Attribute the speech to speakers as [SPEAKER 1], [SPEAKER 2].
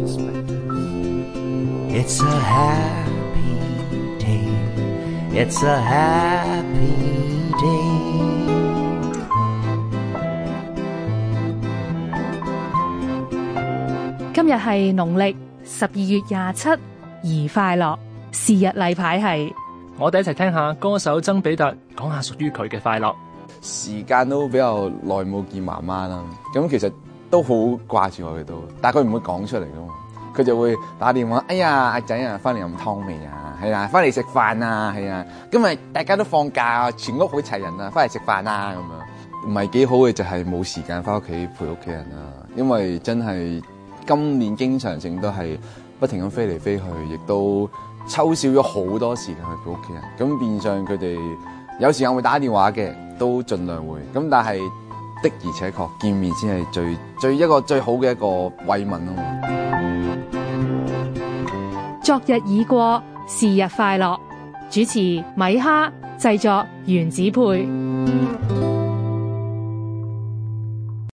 [SPEAKER 1] 今天是曆日係農曆十二月廿七，而快樂時日例牌係，我哋一齊聽
[SPEAKER 2] 一下歌手曾比特講下屬於佢嘅快樂。
[SPEAKER 3] 時間都比較耐冇見媽媽啦，咁其實。都好掛住我佢都，但係佢唔會講出嚟㗎嘛。佢就會打電話，哎呀阿仔啊，翻嚟飲湯未啊？係啊，翻嚟食飯啊？係啊，今日大家都放假，全屋好齊人啊，翻嚟食飯啊咁樣。唔係幾好嘅就係冇時間翻屋企陪屋企人啦。因為真係今年經常性都係不停咁飛嚟飛去，亦都抽少咗好多時間去陪屋企人。咁變相佢哋有時間會打電話嘅，都盡量會。咁但係。的而且確，見面先係最最一個最好嘅一個慰問、啊、
[SPEAKER 4] 昨日已過，是日快樂。主持米哈，製作原子配。